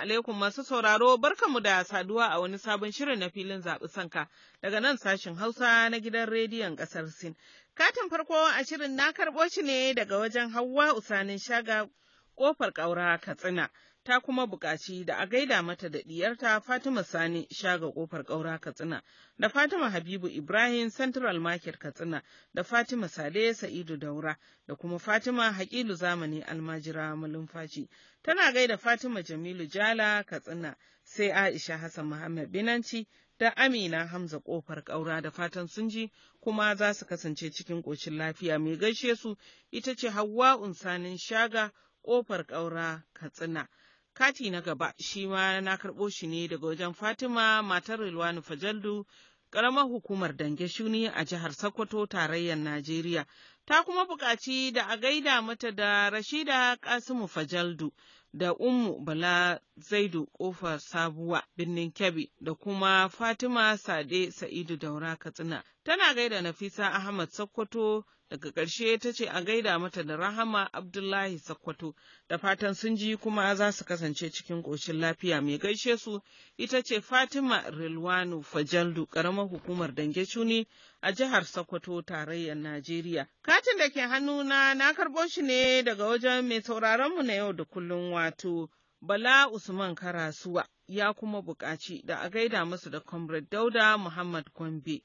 alaikum masu sauraro barkanmu da saduwa a wani sabon shirin na filin zaɓi sanka daga nan sashin Hausa na gidan rediyon ƙasar Sin. Katin farko a shirin na karɓo shi ne daga wajen Hauwa Usanin Shaga ƙofar ƙaura Katsina. ta kuma buƙaci da a gaida mata da ɗiyarta Fatima Sani shaga ƙofar ƙaura Katsina da Fatima Habibu Ibrahim Central Market Katsina da Fatima Sade Sa'idu Daura da kuma Fatima Haƙilu Zamani Almajira Malumfaci. Tana gaida Fatima Jamilu Jala Katsina sai Aisha Hassan Muhammad Binanci da Amina Hamza ƙofar ƙaura da fatan sun ji kuma za su kasance cikin ƙoshin lafiya mai gaishe su ita ce Hauwa Unsanin Shaga ƙofar ƙaura Katsina. Kati na gaba shi ma na karɓo shi ne daga wajen Fatima matar Rilwani Fajaldu ƙaramar hukumar Dange Shuni a jihar Sokoto tarayyar Najeriya. Ta kuma buƙaci da a gaida mata da Rashida Kasimu Fajaldu da Ummu Bala Zaidu ƙofar Sabuwa birnin Kebbi da kuma Fatima Sade Sa'idu Daura Katsina. Tana gaida Nafisa Ahmad Sokoto daga ƙarshe ta ce a gaida mata da rahama Abdullahi Sakkwato da fatan sun ji kuma za su kasance cikin ƙoshin lafiya mai gaishe su ita ce Fatima Rilwanu Fajaldu ƙaramar hukumar Dange Cuni a jihar Sakkwato tarayyar Najeriya. Katin da ke hannuna na karɓo shi ne daga wajen mai sauraronmu na yau da kullum wato Bala Usman Karasuwa ya kuma buƙaci da a gaida masu da Comrade Dauda Muhammad Gombe.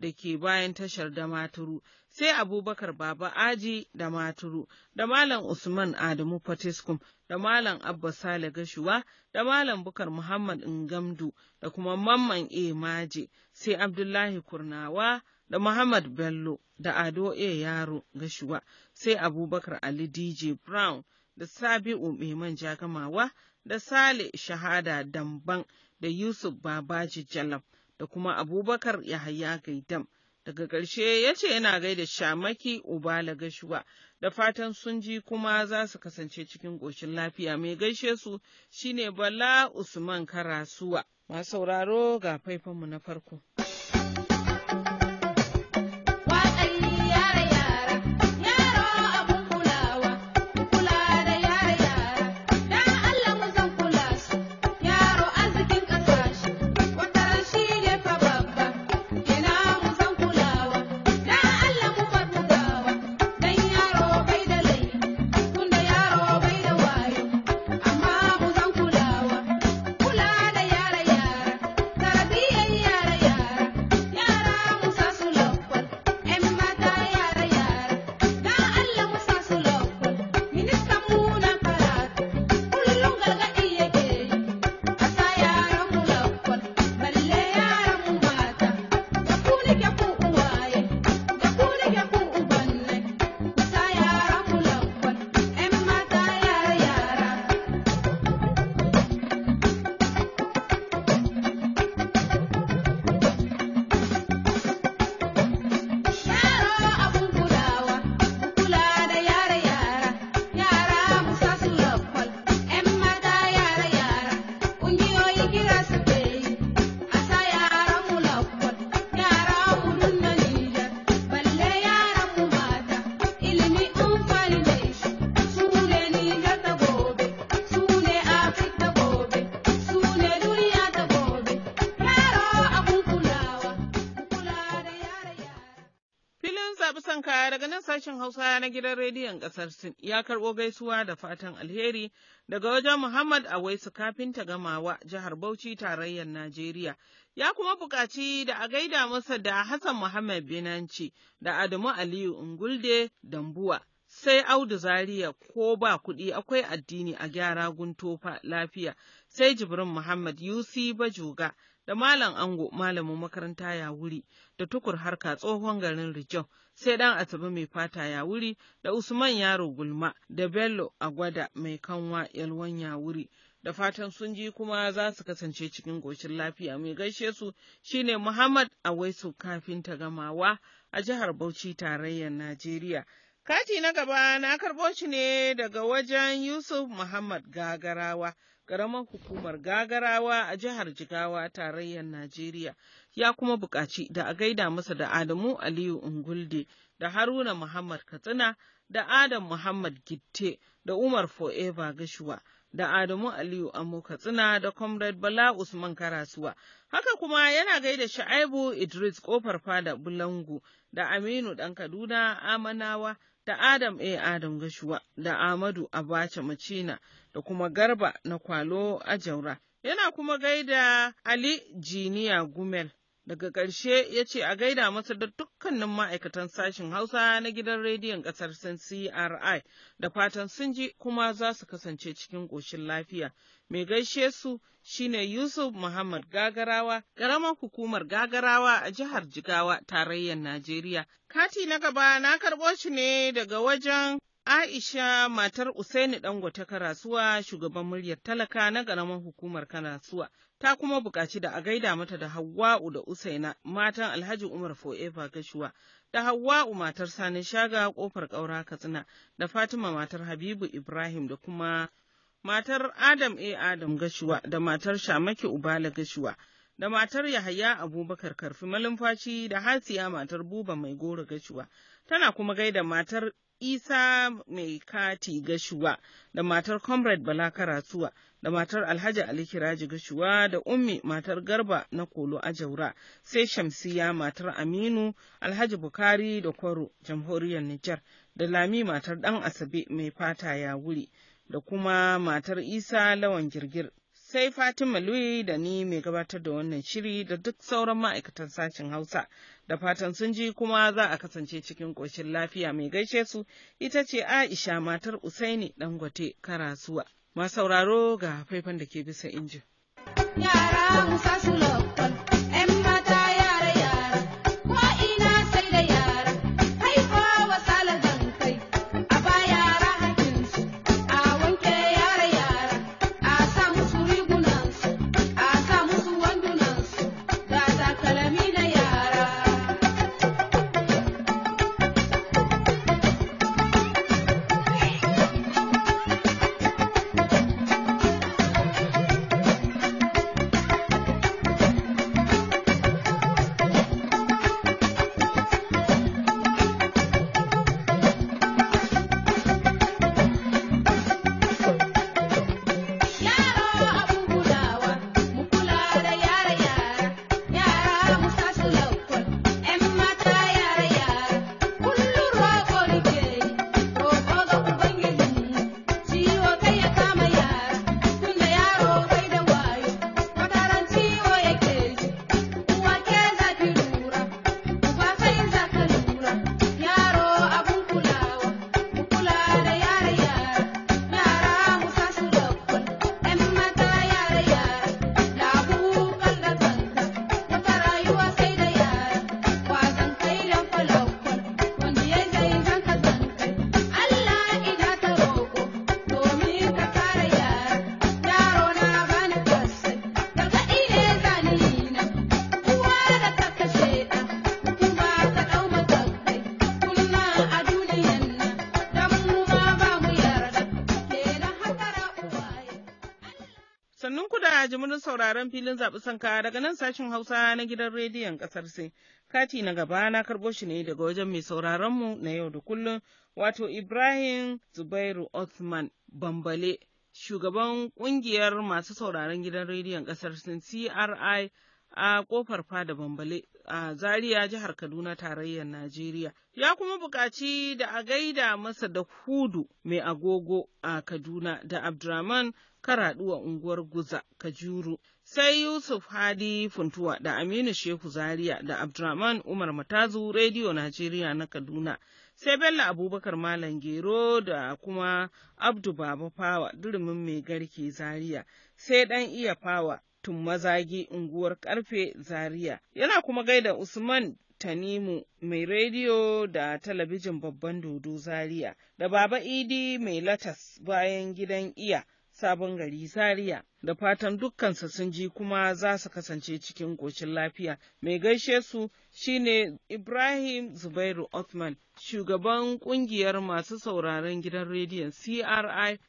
da ke bayan tashar damaturu, sai Abubakar Baba Aji da maturu, da Malam Usman Adamu Fatiskum, da Malam Abba Sale Gashuwa, da Malam Bukar Muhammad Ngamdu, da kuma Mamman E Maje, sai Abdullahi Kurnawa, da Muhammad Bello, da Ado E Yaro Gashuwa, sai Abubakar Ali DJ Brown, da Sabi'u Mai Jagamawa, da Sale Shahada Damban, da Yusuf Babaji Jalam. da kuma Abubakar ya Yahaya Gaidam. Daga ƙarshe ya ce yana gaida Shamaki uba lagashuwa da fatan sun ji kuma za su kasance cikin ƙoshin lafiya mai gaishe su shine Bala Usman Karasuwa. Masu sauraro ga faifanmu na farko. sashen Hausa na gidan rediyon ƙasar Sin ya karɓo gaisuwa da fatan alheri daga wajen Muhammad Awaisu kafinta gamawa jihar Bauchi tarayyar Najeriya. Ya kuma buƙaci da a gaida masa da Hassan Muhammad Binanci da Adamu Aliyu Ungulde Dambuwa. sai Audu Zaria ko ba kuɗi akwai addini a gyara guntofa lafiya, sai Jibrin Muhammad Yusi Bajoga da Malam Ango malamin makaranta ya wuri da tukur harka tsohon garin Rijon, sai ɗan Asabe mai fata ya wuri da Usman Yaro Gulma da Bello Agwada mai kanwa yalwan ya wuri. Da fatan sun ji kuma za su kasance cikin goshin lafiya mai gaishe su shine Muhammad Awaisu kafin ta gamawa a jihar Bauchi tarayyar Najeriya. Kati na gaba na karɓo shi ne daga wajen Yusuf Muhammad Gagarawa. ƙaramar hukumar gagarawa a jihar Jigawa tarayyar Najeriya ya kuma buƙaci da a gaida masa da Adamu Aliyu Ungulde da Haruna Muhammad Katsina da Adam Muhammad Gitte da Umar Forever Gashuwa. da Adamu Aliyu Amo Katsina da Comrade Bala Usman Karasuwa. Haka kuma yana gaida Sha'aibu Idris Kofar Fada Bulangu da Aminu Ɗan Kaduna Amanawa da Adam A. Eh, Adam Gashuwa da Ahmadu Abacha Macina da kuma Garba na Kwalo a Jaura. Yana kuma gaida Ali Jiniya Gumel Daga ƙarshe ya ce a gaida masa da dukkanin ma'aikatan sashen Hausa na gidan rediyon ƙasar sun CRI da fatan sun ji kuma za su kasance cikin ƙoshin lafiya. Mai gaishe su shine Yusuf Muhammad Gagarawa, ƙaramar hukumar Gagarawa a jihar Jigawa, tarayyar Najeriya. Kati na gaba na karɓo shi ne daga wajen Aisha matar Usaini Dangote Karasuwa shugaban muryar talaka na ƙaramar hukumar Karasuwa. ta kuma buƙaci da a gaida mata da Hawwa'u da Usaina matan Alhaji Umar Fo'efa Gashuwa da Hawwa'u matar Sani Shaga ƙofar ƙaura Katsina da Fatima matar Habibu Ibrahim da kuma matar Adam A. Adam Gashuwa da matar Shamaki Ubala Gashuwa da matar Yahaya Abubakar Karfi Malumfaci da Hasiya matar Buba Mai Goro Gashuwa tana kuma gaida matar Isa mai kati gashuwa da matar Comrade Bala Karatuwa da matar Alhaji Ali Kiraji gashuwa da Ummi matar Garba na Kolo Ajaura sai Shamsiya matar Aminu Alhaji Bukari da Kwaro jamhuriyar Nijar da Lami matar Dan Asabe mai fata ya wuri da kuma matar Isa Lawan Girgir sai Fatima Lui da ni mai gabatar da wannan shiri da duk sauran ma'aikatan sashen Hausa da fatan sun ji kuma za a kasance cikin ƙoshin lafiya mai gaishe su ita ce Aisha matar Usaini Dangote Karasuwa. Masauraro ga faifan da ke bisa injin. Yara sauraron filin zaɓi sanka daga nan sashin Hausa na gidan rediyon ƙasar Sin. Kati na gaba na karɓo shi ne daga wajen mai sauraronmu na yau da kullum wato Ibrahim Zubairu Othman Bambale, shugaban ƙungiyar masu sauraron gidan rediyon ƙasar Sin CRI a ƙofar fada bambale a zaria jihar kaduna tarayyar najeriya ya kuma buƙaci da a gaida masa da hudu mai agogo a kaduna da abdurrahman karaduwa unguwar guza kajuru sai Yusuf Hadi Funtuwa da Aminu Shehu Zaria da Abdulrahman Umar Matazu Rediyo Najeriya na Kaduna. Sai Bello Abubakar Malam Gero da kuma Abdu Baba Fawa Durumin Mai Garke Zaria. Sai ɗan iya Fawa Tun Mazagi Unguwar Karfe Zaria. Yana kuma gaida Usman Tanimu mai rediyo da talabijin babban dodo Zaria da Baba Idi mai latas bayan gidan iya. sabon gari Zaria. Da fatan dukkansa sun ji kuma za su kasance cikin ƙoshin lafiya. Mai gaishe su shine Ibrahim Zubairu Othman, shugaban ƙungiyar masu sauraron gidan rediyon CRI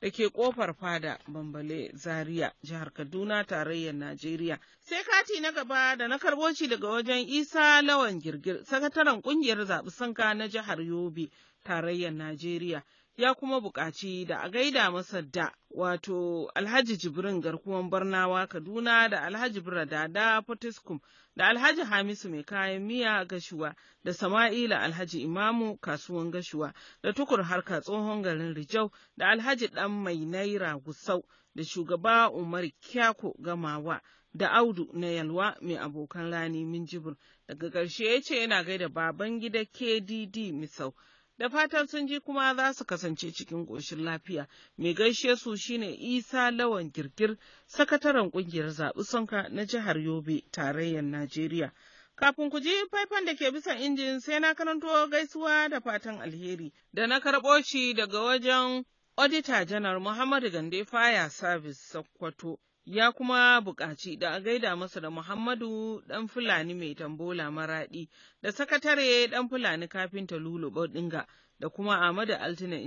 da ke ƙofar fada Bambale Zaria, jihar Kaduna, tarayyar Najeriya. Sai kati na gaba da na karɓo shi daga wajen Isa Lawan Girgir, sakataren ƙungiyar zaɓi sanka na jihar Yobe, tarayyar Najeriya. ya kuma buƙaci da a gaida masa da wato Alhaji Jibrin garkuwan Barnawa Kaduna da Alhaji Biradada Potiskum da Alhaji Hamisu mai kayan miya gashuwa da Sama'ila Alhaji Imamu kasuwan gashuwa da tukur harka tsohon garin Rijau da Alhaji Dan mai naira gusau da shugaba Umar Kyako Gamawa. da Audu na Yalwa mai abokan rani Minjibir daga ƙarshe ya ce yana gaida baban gida KDD Misau da fatan sun ji kuma za su kasance cikin ƙoshin lafiya. Mai gaishe su shine Isa Lawan Girgir, sakataren ƙungiyar zaɓi sonka na jihar Yobe, tarayyar Najeriya. Kafin ku ji faifan da ke bisa injin sai na karanto gaisuwa da fatan alheri da na karɓo shi daga wajen Odita Janar Muhammadu Gande Faya Service Sokoto. ya kuma buƙaci da a gaida masa da Muhammadu ɗan Fulani mai tambola maraɗi da sakatare ɗan Fulani kafinta Lulu ɗinga da kuma Ahmadu Altina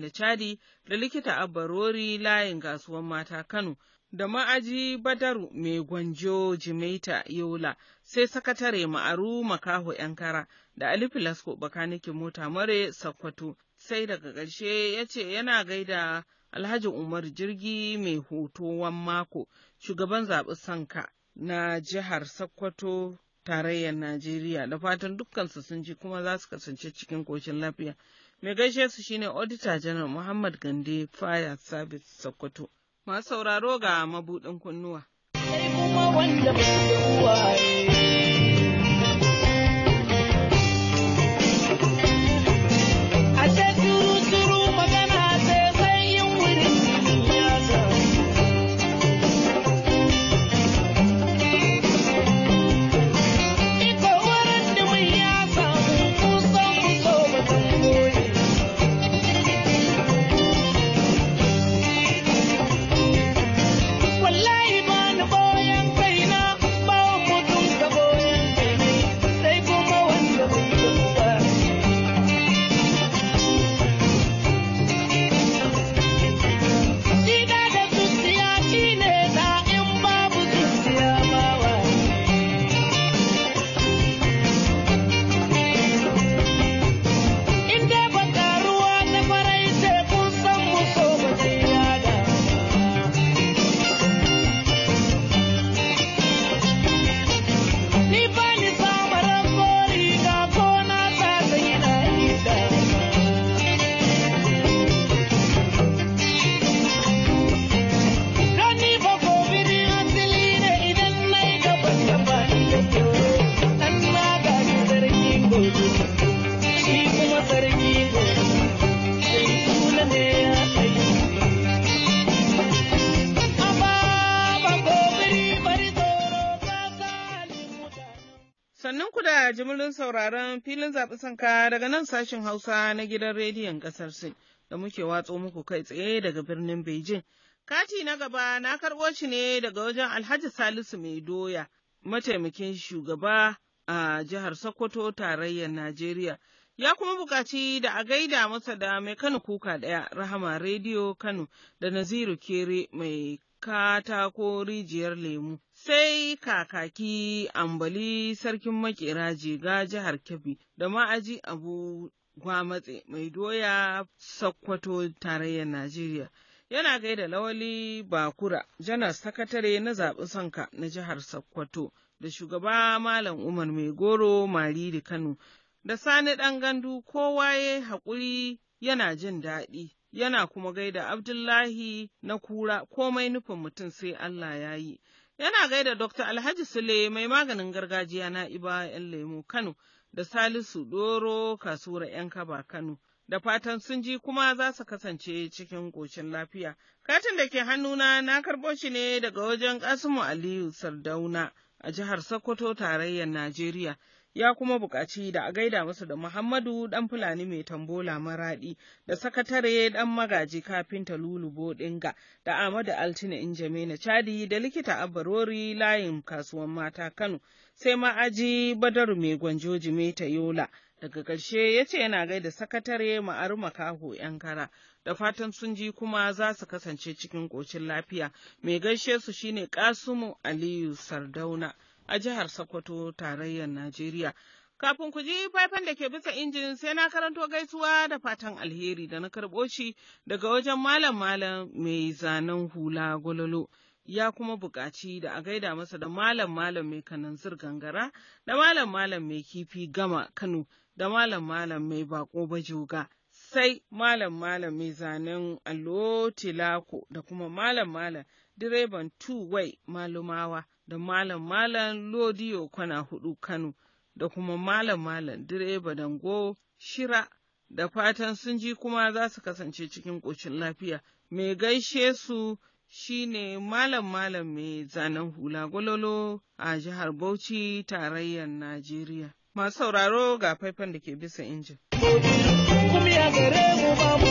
na Chadi da likita Rori layin gasuwan mata Kano da ma'aji Badaru mai gwanjo Jimaita Yola sai sakatare Ma'aru Makaho Yankara da Ali Filasko bakanikin mota mare Sakkwato sai daga ƙarshe ya ce yana gaida Alhaji Umar Jirgi mai hoto wan mako shugaban zaɓi sanka na jihar Sokoto tarayyar Najeriya da fatan dukkansu sun ji kuma za su kasance cikin koshin lafiya. Mai gaishe su shine Auditor General Muhammad Gande Fire Service Sokoto. Masu sauraro ga mabuɗin kunnuwa. kalon sauraron filin zaɓi sanka daga nan sashen Hausa na gidan rediyon ƙasar Sin da muke watso muku kai tsaye daga birnin Beijing. Kati na gaba na karɓo shi ne daga wajen Alhaji Salisu Mai Doya, mataimakin shugaba a jihar Sokoto tarayyar Najeriya. Ya kuma buƙaci da a gaida masa da mai Kano kuka ɗaya, Rahama Rediyo Kano da Naziru Kere mai katako rijiyar lemu. sai kakaki ambali sarkin makera Jiga, jihar Kebbi da ma'aji abu gwamatse mai doya Sokoto tarayyar Najeriya. Yana gaida lawali bakura janar sakatare na zaɓi sanka na jihar Sokoto da shugaba Malam Umar mai goro Mariri Kano da sani ɗan gandu kowa ya haƙuri yana jin daɗi. Yana kuma gaida Abdullahi na kura komai nufin mutum sai Allah ya yi. Yana gaida Dr. Alhaji Sule mai maganin gargajiya na Iba 'yan lemu Kano da Salisu Doro kasuwar 'yan kaba Kano. Da fatan sun ji kuma za su kasance cikin ƙoshin lafiya. Katin da ke hannuna na karɓo shi ne daga wajen Kasimu Aliyu Sardauna a jihar Sokoto tarayyar Najeriya. ya kuma buƙaci da a gaida masa da Muhammadu ɗan Fulani mai tambola maraɗi da sakatare ɗan magaji kafinta Lulu Bodinga da Ahmadu Altina na Chadi da likita Abbarori layin kasuwan mata Kano sai ma'aji Badaru mai gwanjo Jimeta Yola daga ƙarshe ya ce yana gaida sakatare ma'aru makaho kara, da fatan sun ji kuma za su kasance cikin ƙocin lafiya mai gaishe su shine Kasumu Aliyu Sardauna. a jihar Sokoto tarayyar Najeriya. Kafin ku ji faifan da ke bisa injin sai na karanto gaisuwa da fatan alheri da na karɓo shi daga wajen malam malam mai zanen hula gololo. Ya kuma buƙaci da a gaida masa da malam malam mai kananzir gangara da malam malam mai kifi gama Kano da malam malam mai bako bajoga. sai malam malam mai zanen allo tilako da kuma malam malam direban two-way malumawa da malam malam lodiyo kwana hudu Kano da kuma malam malam direba dango shira da fatan sun ji kuma za su kasance cikin ƙoshin lafiya. Mai gaishe su shine malam malam mai zanen hula gwalolo a jihar Bauchi tarayyar Najeriya. Masu sauraro ga faifan da ke bisa injin. kumia geremu babu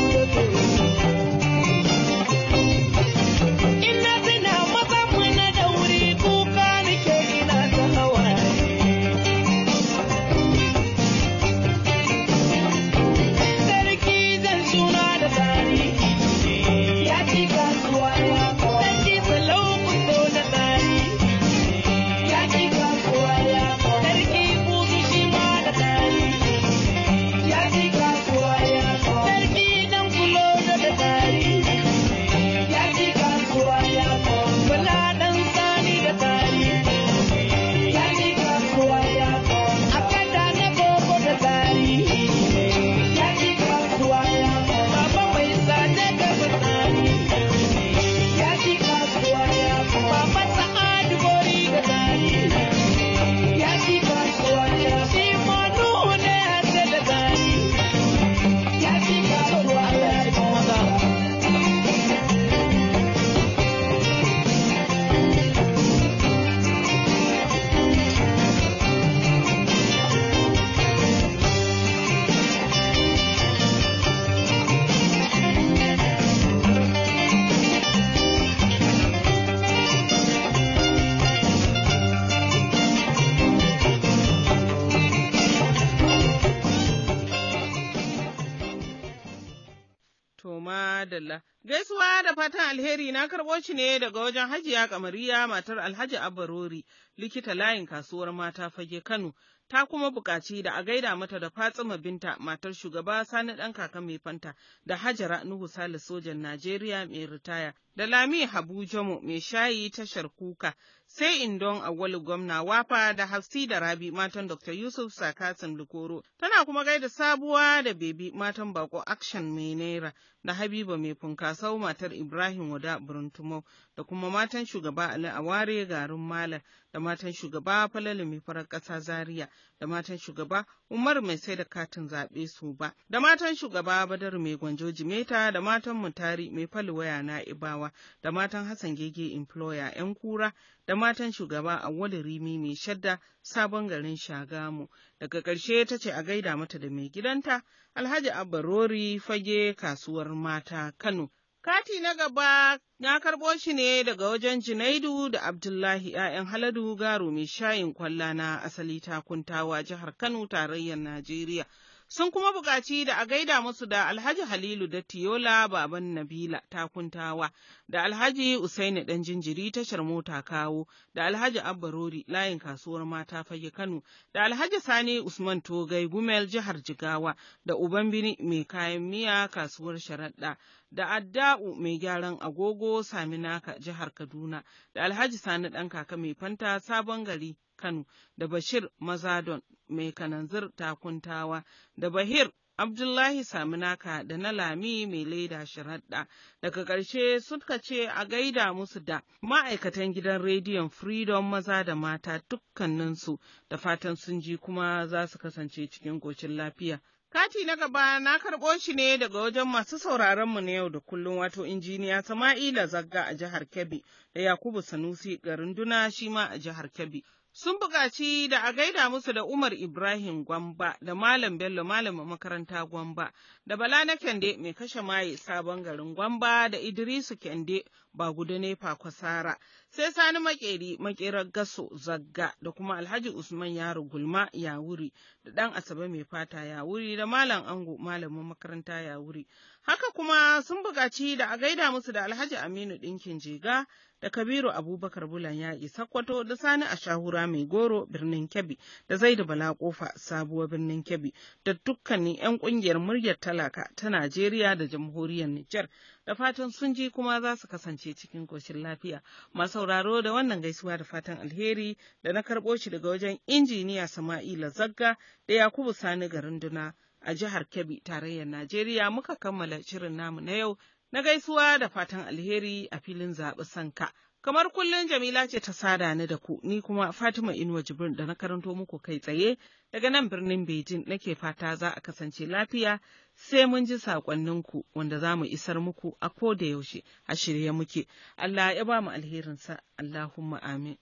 A da fatan alheri na karɓo shi ne daga wajen Hajiya Kamariya matar Alhaji Abarori likita layin kasuwar mata fage Kano ta kuma buƙaci da a gaida mata da Fatsima Binta matar shugaba Sani ɗan kaka mai fanta da Hajara Nuhu Sale sojan Najeriya mai ritaya da Lami Habu Jamo mai shayi tashar kuka sai Indon Awali gwamna wafa da Hafsi da Rabi matan Dr. Yusuf Sakasin Lukoro tana kuma gaida sabuwa da bebi matan bako action mai naira da Habiba mai funkasau matar Ibrahim Wada Buruntumau da kuma matan shugaba Ali Aware garin Malar da matan shugaba Falalu mai farar ƙasa Zaria da matan shugaba Umar mai sai da katin zaɓe su ba da matan shugaba Badar mai gwanjo Jimeta da matan Mutari mai falwaya na Ibawa Adamawa da matan Hassan Gege Employer 'yan kura da matan shugaba Awali Rimi mai shadda sabon garin Shagamu. Daga ƙarshe ta ce a gaida mata da mai gidanta Alhaji Abba Rori fage kasuwar mata Kano. Kati na gaba na karɓo shi ne daga wajen Junaidu da Abdullahi ‘ya'yan Haladu Garo mai shayin kwalla na asali takuntawa jihar Kano tarayyar Najeriya. sun kuma buƙaci da a gaida musu da Alhaji Halilu da Tiyola Baban Nabila takuntawa, da Alhaji Usaini ɗan jinjiri tashar mota kawo, da Alhaji Abbarori layin kasuwar mata fage Kano, da Alhaji Sani Usman Togai Gumel jihar Jigawa, da Uban Bini mai kayan miya kasuwar sharaɗa, da Adda'u mai gyaran agogo Saminaka jihar Kaduna, da Alhaji Sani ɗan kaka mai fanta sabon gari Kano da Bashir Mazadon mai kananzir takuntawa da Bahir Abdullahi Saminaka da na Lami mai leda sharaɗa. Daga ƙarshe suka ce a gaida musu da ma'aikatan gidan rediyon Freedom maza da mata dukkaninsu da fatan sun ji kuma za su kasance cikin gocin lafiya. Kati na gaba na karɓo shi ne daga wajen masu sauraronmu na yau da kullum wato injiniya Sama'ila Zagga a jihar Kebbi da Yakubu Sanusi garin Duna shi ma a jihar Kebbi. sun buƙaci da a gaida musu da Umar Ibrahim Gwamba da Malam Bello malamin makaranta Gwamba da Bala na Kende mai kashe maye sabon garin Gwamba da Idrisu Kende ba gudu nefa kwasara sai Sani Makeri makerar gaso zagga da kuma Alhaji Usman Yaro Gulma ya wuri, da ɗan Asabe mai fata ya wuri, da Malam Ango malamin makaranta ya wuri. Haka kuma sun buƙaci da a gaida musu da Alhaji Aminu ɗinkin Jiga da Kabiru Abubakar Bulan ya Yaƙi Sakkwato da Sani a shahura Mai Goro birnin Kebbi da Zaidu Bala Kofa sabuwar birnin Kebbi da dukkanin 'yan ƙungiyar muryar talaka ta Najeriya da jamhuriyar Nijar da fatan sun ji kuma za su kasance cikin ƙoshin lafiya. Masu sauraro da wannan gaisuwa da fatan alheri da na karɓo shi daga wajen injiniya Sama'ila Zagga da Yakubu Sani garin Duna. a jihar Kebbi tarayyar Najeriya muka kammala shirin namu na yau na gaisuwa da fatan alheri a filin zaɓi sanka. Kamar kullum Jamila ce ta sada ni da ku, ni kuma Fatima Inuwa Jibrin da na karanto muku kai tsaye daga nan birnin Bejin nake fata za a kasance lafiya sai mun ji saƙonninku wanda za mu isar muku a ko da yaushe a shirye muke. Allah ya ba mu alherinsa, Allahumma amin.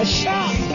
I shall.